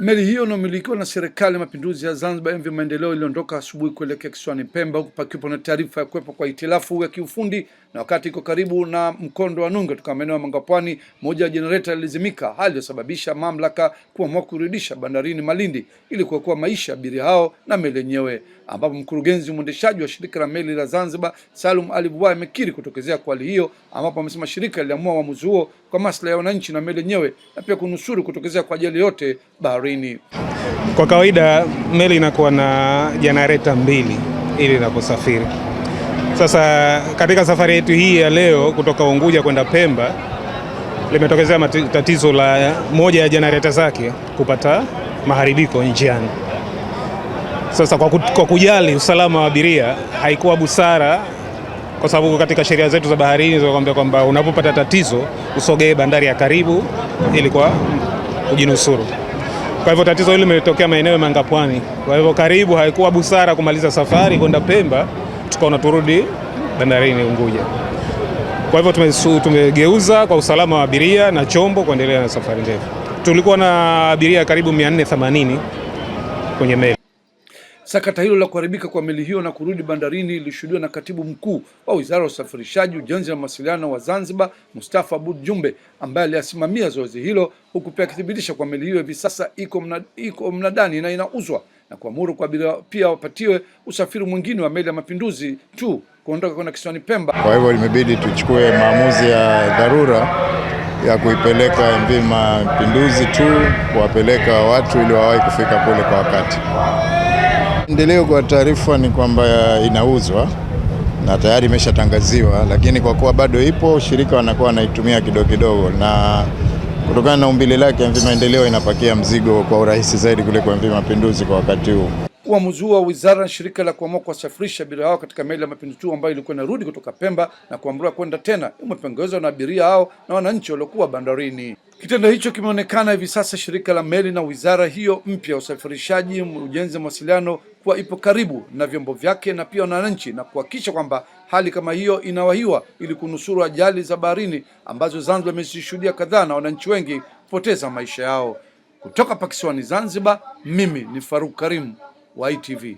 Meli hiyo inayomilikiwa na serikali ya mapinduzi ya Zanzibar MV Maendeleo iliondoka asubuhi kuelekea kisiwani Pemba, huku pakiwa na taarifa ya kuwepo kwa hitilafu ya kiufundi, na wakati iko karibu na mkondo wa Nunge katika maeneo ya Mangapwani, moja ya jenereta ilizimika, hali iliyosababisha mamlaka kuamua kurudisha bandarini Malindi ili kuokoa maisha ya abiria hao na meli yenyewe, ambapo mkurugenzi mwendeshaji wa shirika la meli la Zanzibar Salum Ali Bwai amekiri kutokezea kwa hali hiyo, ambapo amesema shirika liliamua uamuzi huo kwa maslahi ya wananchi na meli yenyewe na pia kunusuru kutokezea kwa ajali yote bahari baharini. Kwa kawaida meli inakuwa na janareta mbili ili inaposafiri. Sasa katika safari yetu hii ya leo kutoka Unguja kwenda Pemba limetokezea tatizo la moja ya janareta zake kupata maharibiko njiani. Sasa kwa, kut, kwa kujali usalama wa abiria haikuwa busara, kwa sababu katika sheria zetu za baharini zinakuambia kwamba unapopata tatizo usogee bandari ya karibu ili kwa kujinusuru. Kwa hivyo tatizo hili limetokea maeneo ya Mangapwani. Kwa hivyo karibu, haikuwa busara kumaliza safari kwenda Pemba, tukaona turudi bandarini Unguja. Kwa hivyo tumegeuza kwa usalama wa abiria na chombo kuendelea na safari ndefu. Tulikuwa na abiria karibu 480 kwenye meli. Sakata hilo la kuharibika kwa meli hiyo na kurudi bandarini lilishuhudiwa na katibu mkuu wa wizara ya usafirishaji, ujenzi na mawasiliano wa Zanzibar, Mustafa Abud Jumbe, ambaye aliyasimamia zoezi hilo, huku pia akithibitisha kwa meli hiyo hivi sasa iko, mna, iko mnadani na inauzwa na kuamuru kwa abiria pia wapatiwe usafiri mwingine wa meli ya Mapinduzi tu kuondoka kwenda kisiwani Pemba. Kwa hivyo limebidi tuchukue maamuzi ya dharura ya kuipeleka MV Mapinduzi tu kuwapeleka watu ili wawahi kufika kule kwa wakati. Endeleo kwa taarifa ni kwamba inauzwa na tayari imeshatangaziwa, lakini kwa kuwa bado ipo, shirika wanakuwa wanaitumia kidogo kidogo, na kutokana na umbile lake MV Maendeleo inapakia mzigo kwa urahisi zaidi kuliko MV Mapinduzi kwa wakati huu. Uamuzi wa wizara na shirika la kuamua kuwasafirisha abiria hao katika meli ya Mapinduzi ambayo ilikuwa inarudi kutoka Pemba na kuamriwa kwenda tena umepongezwa na abiria hao na wananchi waliokuwa bandarini. Kitendo hicho kimeonekana hivi sasa shirika la meli na wizara hiyo mpya usafirishaji, ujenzi wa mawasiliano kuwa ipo karibu na vyombo vyake na pia wananchi, na kuhakikisha kwamba hali kama hiyo inawahiwa ili kunusuru ajali za baharini ambazo Zanzibar imezishuhudia kadhaa na wananchi wengi kupoteza maisha yao. Kutoka pakisiwani Zanzibar, mimi ni Faruk Karim wa ITV.